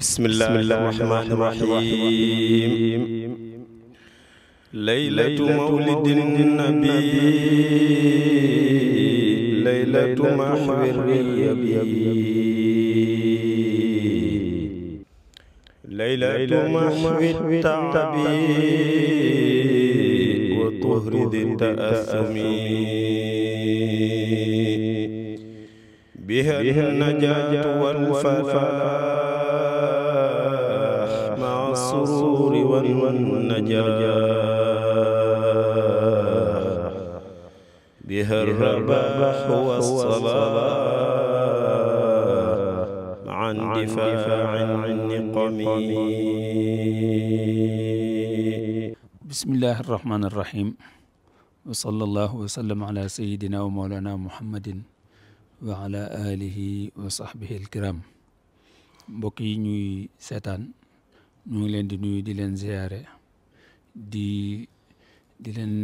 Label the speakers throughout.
Speaker 1: bismillahi rahmaani rahiim laylatu mawlidin nabi laylatu mahwi yabi laylatu mahwi taabi wa tuhri di taasumi
Speaker 2: biha najaat wal falaa
Speaker 1: والسرور والنجاح بها الرباح والصلاح مع اندفاع النقم بسم الله الرحمن الرحيم وصلى الله وسلم على سيدنا ومولانا محمد وعلى آله وصحبه الكرام mbokk yi ñuy seetaan ñu ngi leen di nuyu di leen ziyaare di di leen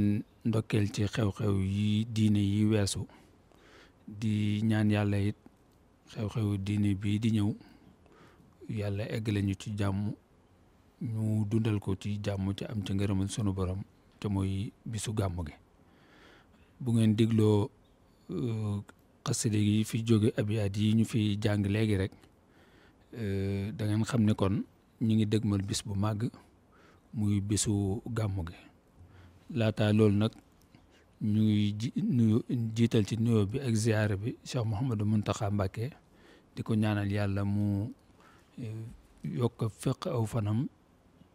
Speaker 1: ndokkeel ci xew-xew yi diine yi weesu di ñaan yàlla yit xew-xewu diine bii di ñëw yàlla eggale ñu ci jàmm ñu dundal ko ci jàmm ci am ci ngërëmal sunu borom te mooy bisu gàmm gi bu ngeen dégloo euh, xasida gi fi jóge abiyaat yi ñu fi jàng léegi rek euh, da ngeen xam ne kon ñu ngi dëgmal bis bu màgg muy bisu gàmmu gi laata loolu nag ñu ngi jiital ci nuyoo bi ak ziyaara bi Cheikh Mouhamadou Mountakha Mbacké di ko ñaanal yàlla mu eh, yokk feq aw fanam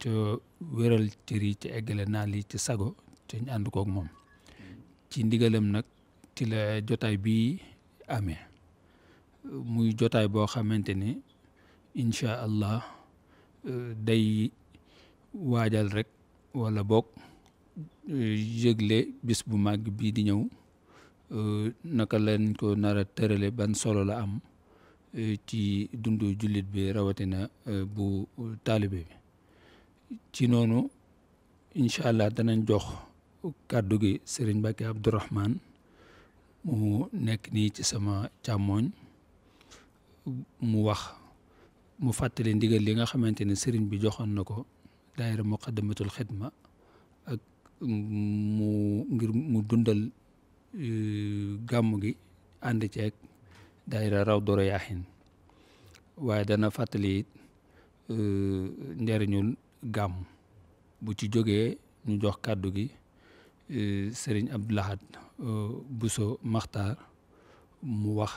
Speaker 1: ca wéral cër yi ci eggale naal yi ci sago ci ñu ànd moom ci ndigalam nag ci la jotaay bi ame muy jotaay boo xamante ni incha allah day waajal rek walla boog yëgle bis bu màgg bii di ñëw naka lañ ko nar a tërale ban solo la am ci dundu jullit bi rawatina bu taalibe bi ci noonu incha allah danañ jox kàddu gi sëriñ Mbàkke Abdourahman mu nekk nii ci sama càmmooñ mu wax mu fàttali ndigal li nga xamante ne sëriñ bi joxoon na ko daayira muqaddamatul xidma ak mu ngir mu dundal e, gàmmu gi ànd ceeg daayira raw doro yaaxin waaye dana fàttali e, njariñul gàmm bu ci jógee ñu jox kàddu gi e, sëriñ ab Lahad Bousso Makhtar mu wax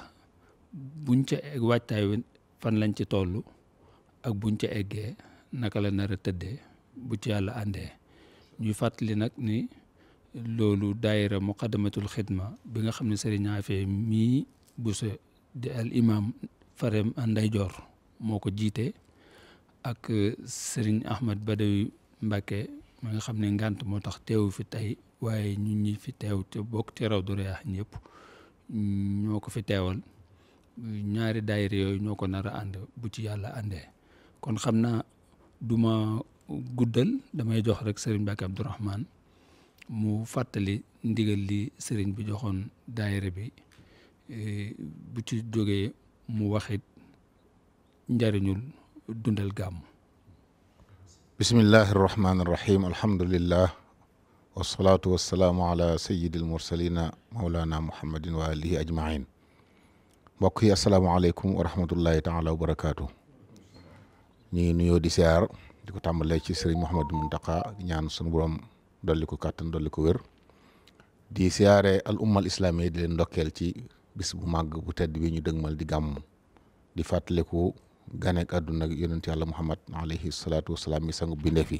Speaker 1: buñ ca egg waajtaay fan lañ ci toll ak buñ ci eggee naka la nar a tëddee bu ci yàlla àndee ñuy fàttali nag ni loolu daayira muqaddamatul xidma bi nga xam ne sëriñ Afee mii bu sa di al imam farem ndeyjoor moo ko jiite ak sëriñ Ahmad Badawi Mbàkke mi nga xam ne ngànt moo tax teewu fi tey waaye ñun ñi fi teew te bokk ci raw du reyaax ñëpp ñoo ko fi teewal ñaari daayira yooyu ñoo ko nar a ànd bu ci yàlla àndee kon xam naa du ma guddal damay jox rek sëriñ Mbàkke Abdourahman mu fàttali ndigal li sëriñ bi joxoon daayira bi e, bu ci jógee mu waxit njariñul dundal gàmm
Speaker 3: bismillahi arrahmani irrahim alhamdulillah wasalaatu wasalaamu ala sayidi almursalina maulana muhammadin wa alihi ajmain mbokk yi asalaamaaleykum wa ta taala wa barakaatu ñu ngi nuyoo di siyaar di ko tàmbalee ci sëriñ Mouhamadou Mountakha ñaan sunu borom dolli ko kàttan dolli ko wér di siyaare al ummal islamiya di leen ndokkeel ci bis bu màgg bu tedd bi ñu dëgmal di gàmm di fàttaliku ganeek àdduna yonent yàlla Muhammad alayhi salaatu wa salaam mi sangu bindee fi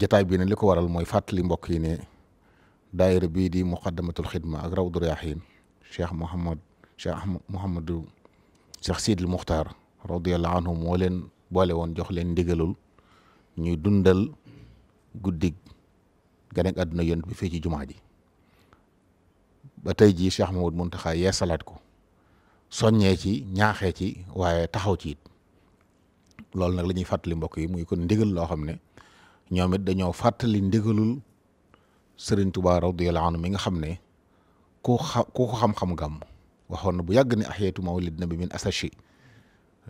Speaker 3: jataay bi li ko waral mooy fàttali mbokk yi ne daayira bii di muqaddamatul xidma ak rawdu riyaahin cheikh ahmad mouhamadou cheikh sidil muxtaar radiallahu anhu moo leen boole woon jox leen ndigalul ñuy dundal guddig ganek àdduna yont bi fii ci jumaa ji ba tey jii cheikh mahmoud muntaxa yeesalaat ko soññee ci ñaaxee ci waaye taxaw ci it loolu nag la ñuy fàttali mbokk yi muy kon ndigal loo xam ne ñoomit it dañoo fàttali ndigalul sëriñ Tuubaa radiyallaahu anhu mi nga xam ne ku ku xam-xam gàmm waxoon na bu yàgg ne axiyatu mawlid nabi min asashi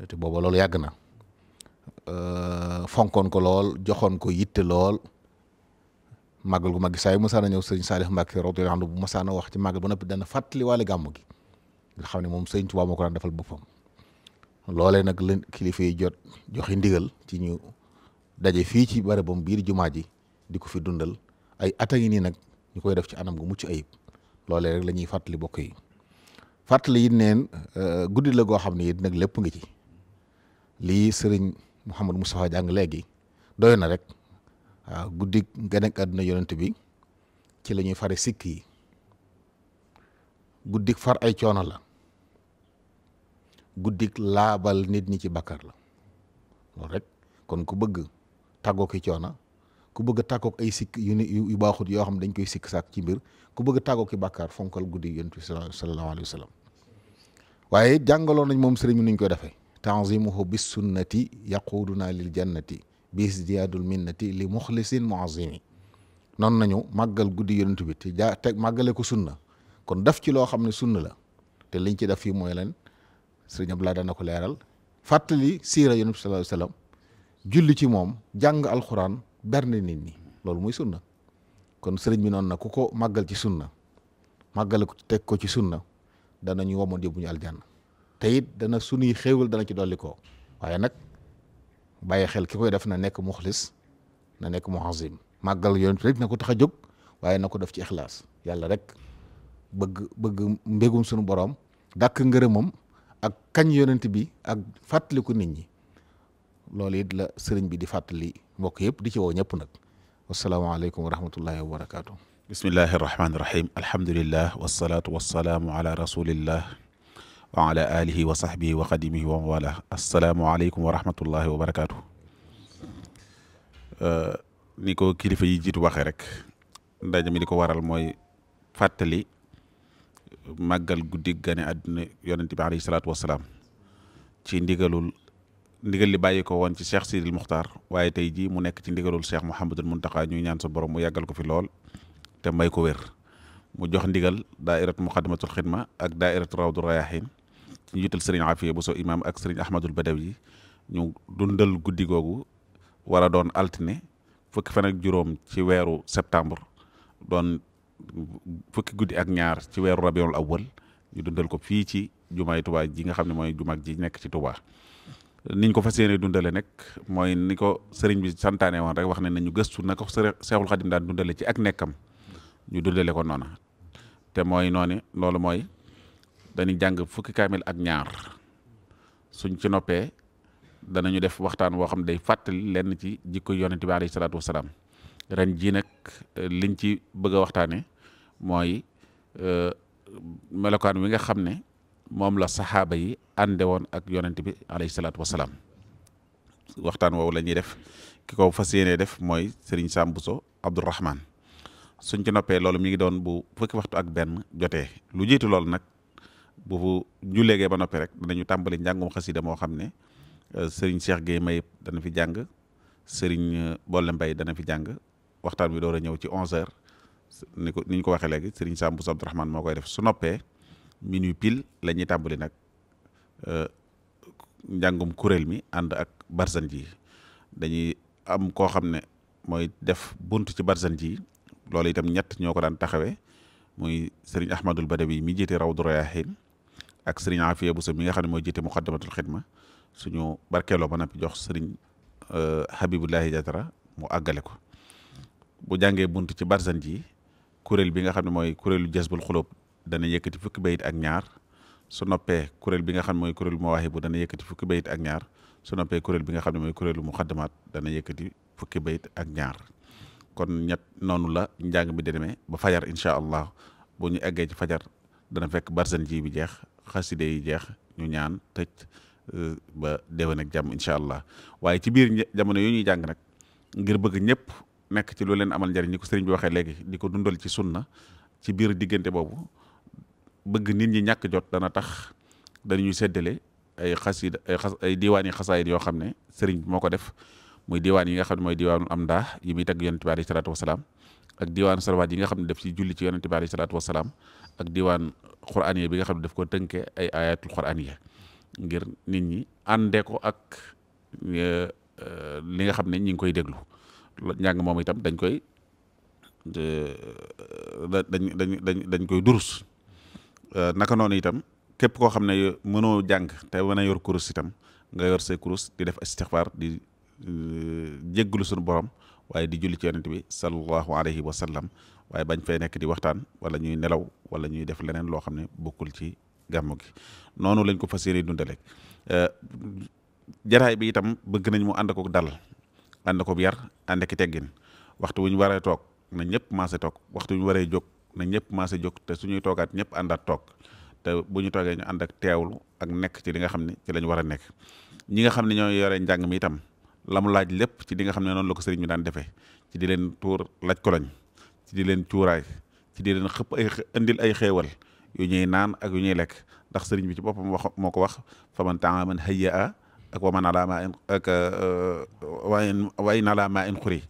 Speaker 3: te booba lool yàgg na euh, fonkoon ko lool joxoon ko yitte lool màggal gu màgg saa yu masaana ñëw sëñ Saalix Mbàkke radiyallaahu anhu bu masaana wax ci màggal ba noppi dana fàttali waale gàmmu gi nga xam ne moom sëñ Tuubaa moo ko daan defal boppam loolee nag la kilifa yi jot joxe ndigal ci ñu daje fii ci barabam biir jumaa ji di ko fi dundal ay at a nii nag ñu koy def ci anam gu mucc ayib loolee rek la ñuy fàttali bokk yi fàttali it neen euh, guddi la goo xam ne it nag lépp ngi ci lii sëriñ Mouhamadou a jàng léegi doy na rek waaw guddi gane ak bi ci la ñuy fare sikk yi guddik far ay coono la guddik laabal nit ñi ci bakkar la loolu rek kon ku bëgg tàggoo ki coono ku bëgg a tàggoog ay sikk yu ni yu baaxut yoo xam dañ koy sikk sàkk ci mbir ku bëgg a tàggoog ki bàkkaar fonkal guddi yonent bi sallallahu alayhi wa sallam waaye jàngaloon nañ moom sëriñ bi nuñ koy defee tanzimuhu bis sunnati yaquduna lil jannati bis diyaadul minnati li muxlisin muazimi noonu nañu màggal guddi yonent bi te jaa teg màggale ko sunna kon def ci loo xam ne sunna la te liñ ci def fii mooy leen sëriñ Abdoulaye dana ko leeral fàttali siira yonent bi sallallahu alayhi wa sallam julli ci moom jàng alxuraan berne nit ñi loolu mooy sunna kon sëriñ bi noonu na ku ko màggal ci sunna màggal ko teg ko ci sunna danañu womoon yóbbu ñu aljanna te it dana sunuy xéewal dana ci dolli ko waaye nag bàyyi xel ki koy def na nekk muxlis na nekk muhazim màggal yonent rek na ko tax a jóg waaye na ko def ci ixlaas yàlla rek bëgg bëgg mbégum sunu borom dàkk ngërëmam ak kañ yonent bi ak fàttaliku nit ñi loolu it la sëriñ bi di fàttali mbokk yëpp di ci woo ñëpp nag wasalaamaaleykum wa rahmatullahi wa barakaatu.
Speaker 2: bismillahi rahmaani rahim alhamdulillah wasalaatu wasalaamu ala rasulillah wa ala alihi wa sahbihi wa xadimihi wa mawala asalaamualeykum wa rahmatullahi wa barakaatu. Euh, ni ko kilifa yi jiitu waxee rek ndaje mi li ko waral mooy fàttali màggal guddi gane àdduna yonent bi alayhi salaatu wasalaam ci ndigalul. ndigal li bàyyi ko woon ci Cheikh Sidil Muxtaar waaye tey jii mu nekk ci ndigalul Cheikh Mouhamadul Muntaxa ñuy ñaan sa borom mu yàggal ko fi lool te may ko wér mu jox ndigal daairatu Muqaddamatul Xidma ak daairatu Rawdu Rayahin ñu jiital sëriñ Afiya bu so imaam ak sëriñ Ahmadul Badawi ñu dundal guddi googu war doon altine fukki fan ak juróom ci weeru septembre doon fukki guddi ak ñaar ci weeru rabiul awwal ñu dundal ko fii ci jumaay Tuubaa ji nga xam ne mooy jumaag ji nekk ci Tuubaa niñ ko fas yéene dundale nag mooy ni ko sëriñ bi santaane woon rek wax ne nañu gëstu na ko Seexul Xadim daan dundale ci ak nekkam ñu dundale ko noona te mooy noone loolu mooy dañuy jàng fukki kaamil ak ñaar suñ ci noppee danañu def waxtaan woo xam day fàttali lenn ci jikko yonent bi alayhi salaatu wasalaam ren jii nag eh, liñ ci bëgg a waxtaane mooy eh, melokaan wi nga xam ne moom la saxaaba yi ànde woon ak yonent bi alayhi salaatu wasalaam waxtaan woowu la def ki ko fas yéenee def mooy Serigne Sam Bousso Abdourahman suñ ci noppee loolu mi ngi doon bu fukki waxtu ak benn jotee lu jiitu loolu nag bu julleegee ba noppi rek danañu tàmbali njàngum xasida moo xam ne euh, Serigne Cheikh Guèye Mayib dana fi jàng Serigne euh, Bolle mbay dana fi jàng waxtaan bi door a ñëw ci 11h ni ko ni ñu ko waxee léegi Serigne Sam Bousso Abdourahman moo koy def su noppee. minuit pile la ñuy tàmbali nag euh, njàngum kuréel mi ànd ak barzan ji dañuy am koo xam ne mooy def bunt ci barzan ji loolu itam ñett ñoo ko daan taxawee muy sëriñ ahmadul badawi mi jiite rawdu rayaahin ak sëriñ afiya bu sa mi nga xam ne mooy jiite muqaddamatul xidma suñu barkeeloo ba noppi jox sëriñ euh, habibullahi jatara mu àggale ko bu jàngee bunt ci barzan ji kuréel bi nga xam ne mooy kuréelu jasbul xulóob dana yëkkati fukki bayit ak ñaar su noppee kuréel bi nga xam ne mooy kuréelu mawaahibu dana yëkkati fukki bayit ak ñaar su noppee kuréel bi nga xam ne mooy kuréelu muxaddamaat dana yëkkati fukki bayit ak ñaar kon ñett noonu la njàng mi di ba fajar incha allah boo ñu eggee ci fajar dana fekk barsan ji bi jeex xaside yi jeex ñu ñaan tëj euh, ba déwén jam jàmm incha allah waaye ci biir jamono yu ñuy jàng nag ngir bëgg ñëpp nekk ci lu leen amal njariñ ni ko sëriñ bi waxee léegi di ko dundal ci sunna ci biir diggante boobu bëgg nit ñi ñàkk jot dana tax dañuy séddale ay xasida ay xas ay diwaan yi xasaayit yoo xam ne sëriñ moo ko def muy diwaan yi nga xam ne mooy diwaanul am ndaa yi muy tagg yonent bi alayhi salaatu ak diwaan salwaat yi nga xam ne daf ci julli ci yonent bi alayhi salaatu wasalaam ak diwaan quraaniya bi nga xam ne def ko tënkee ay ayatul quraaniya ngir nit ñi àndee ko ak e, e, li nga xam ne ñi ngi koy déglu njàng moom itam dañ koy e, dañ dañ dañ dañ koy durus Euh, naka noonu itam képp koo xam ne mënoo jàng te mën a yor kurus itam nga yor say kurus di def istixfaar di euh, jégglu suñu borom waaye di julli ci yonent bi sallallahu alayhi wa sallam waaye bañ fay nekk di waxtaan wala ñuy nelaw wala ñuy def leneen loo xam ne bokkul ci gàmmu gi noonu lañ ko fas yéene dundale euh, jataay bi itam bëgg nañ mu ànd ko dal ànd ko yar ànd ki teggin waxtu wu ñu waree toog na ñëpp maase toog waxtu wu waree jóg na ñëpp maase jóg te suñuy toogaat ñëpp àndaat toog te bu ñu toogee ñu ànd ak teewlu ak nekk ci li nga xam ne ci lañ war a nekk ñi nga xam ne ñoo yore njàng mi itam la mu laaj lépp ci linga xam ne noonu la ko sëriñ bi daan defee ci di leen tuur laj koloñ ci di leen cuuraay ci di leen xëpp ay indil ay xéewal yu ñuy naan ak yu ñuy lekk ndax sëriñ bi ci boppam wax moo ko wax faman taaman hayya ak waman alaa ma in ak euh, wayn wayn alaa ma in xuri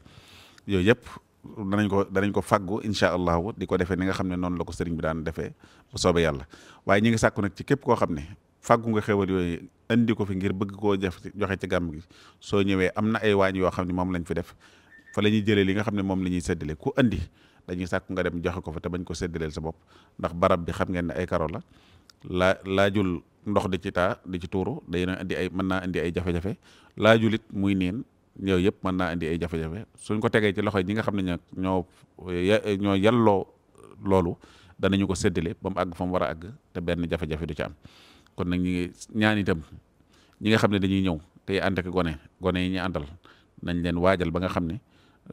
Speaker 2: yooyu yëpp danañ ko danañ ko faggu incha allahu di ko defee ni nga xam ne noonu la ko sëriñ bi daan defee bu soobee yàlla waaye ñi ngi sàkku nag ci képp koo xam ne faggu nga xewal yooyu indi ko fi ngir bëgg koo def joxe ci gàmm gi soo ñëwee am na ay waañ yoo xam ne moom lañ fi def fa la ñuy jëlee li nga xam ne moom la ñuy séddale ku indi dañuy sàkku nga dem joxe ko fa te bañ ko séddaleel sa bopp ndax barab bi xam ngeen ne ay karo la laa laajul ndox di ci taa di ci tuuru day indi ay mën naa indi ay jafe-jafe laajulit muy neen yooyu yëpp mën naa indi ay jafe-jafe suñ ko tegee ci loxo ñi nga xam ne nag ñoo ñoo yelloo loolu danañu ko séddale ba mu àgg fa mu war a àgg te benn jafe-jafe du ci am kon nag ñi ngi ñaan itam ñi nga xam ne dañuy ñëw tey ànd ak gone gone yi ñu àndal nañ leen waajal ba nga xam ne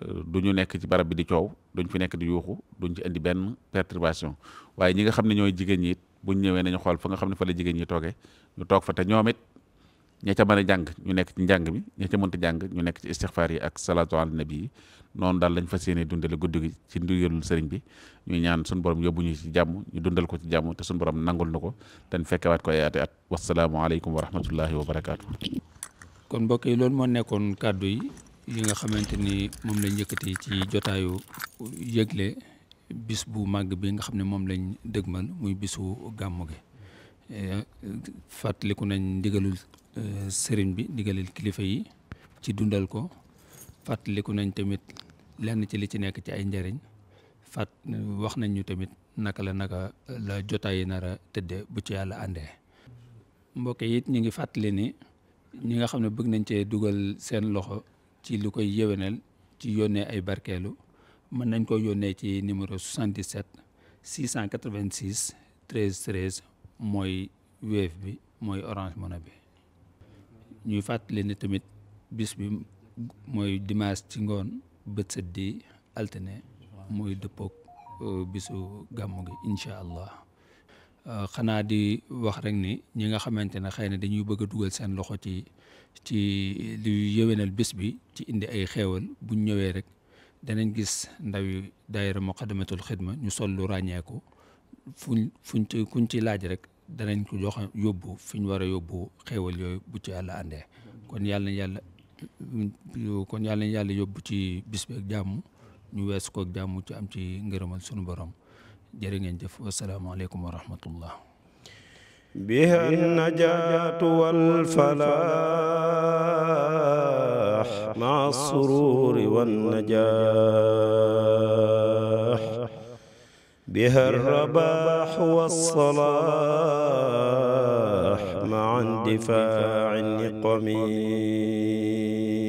Speaker 2: euh, du ñu nekk ci barab bi di coow duñ fi nekk di yuuxu duñ ci indi benn perturbation waaye ñi nga xam ne ñooy jigéen ñi it buñ ñëwee nañu xool fa nga xam ne fa la jigéen ñi toogee ñu toog fa ñoom it ña ca a jàng ñu nekk ci njàng bi ña ca mënta jàng ñu nekk ci istixfaar yi ak salaatu ala nabi yi noonu daal lañ fas yéene dundale guddi gi ci ndigalul sëriñ bi ñuy ñaan suñu borom yóbbu ñu ci jàmm dundal ko ci jàmm te suñu borom nangul na ko te fekkewaat ko ay ati at wasalaamualeykum wa rahmatullahi wa barakaatu.
Speaker 1: kon mbokk yi loolu moo nekkoon kàddu yi yi nga xamante ni moom lañ yëkkati ci jotaayu yëgle bis bu màgg bi nga xam ne moom lañ man muy bisu gàmm gi eh, fàttaliku nañ ndigalul. Euh, sëriñ bi digaleel kilifa yi ci dundal ko fàttaliku nañ tamit lenn ci li ci nekk ci ay njariñ fàtt wax nañ ñu tamit naka la naka la jotaay yi nar a tëdde bu ci yàlla àndee mbokk yit it ñu ngi fàttali ni ñi nga xam ne bëgg nañ cee dugal seen loxo ci lu koy yéwénal ci yónnee ay barkeelu mën nañ ko yónnee ci numéro 77 686 13 13 mooy weef bi mooy Orange Money bi ñuy fàttali ne tamit bis bi mooy dimaas ci ngoon bët sët di altine muy dëppook euh, bisu gàmmu gi incha allah euh, xanaa di wax rek ni ñi nga xamante ne xëy na dañuy bëgg a dugal seen loxo ci ci luy yëwénal bis bi ci indi ay xeewal buñ ñëwee rek danañ gis ndaw yi daayira muqaddamatul xidma ñu sol lu ràññeeku fuñ fuñ ci kuñ ci laaj rek danañ ko jox yóbbu fi ñu war a yóbbu xéewal yooyu ci yàlla àndee kon yàlla yàlla kon yàlla yàlla yóbbu ci bis beeg jàmm ñu wees koog jàmm ci am ci ngërëmal sunu borom jërë ngeen jëf wasalaamaaleykum wa rahmatullah biha najaatu wal falaax ma sururi wan najaax بها الرباح والصلاح مع اندفاع النقم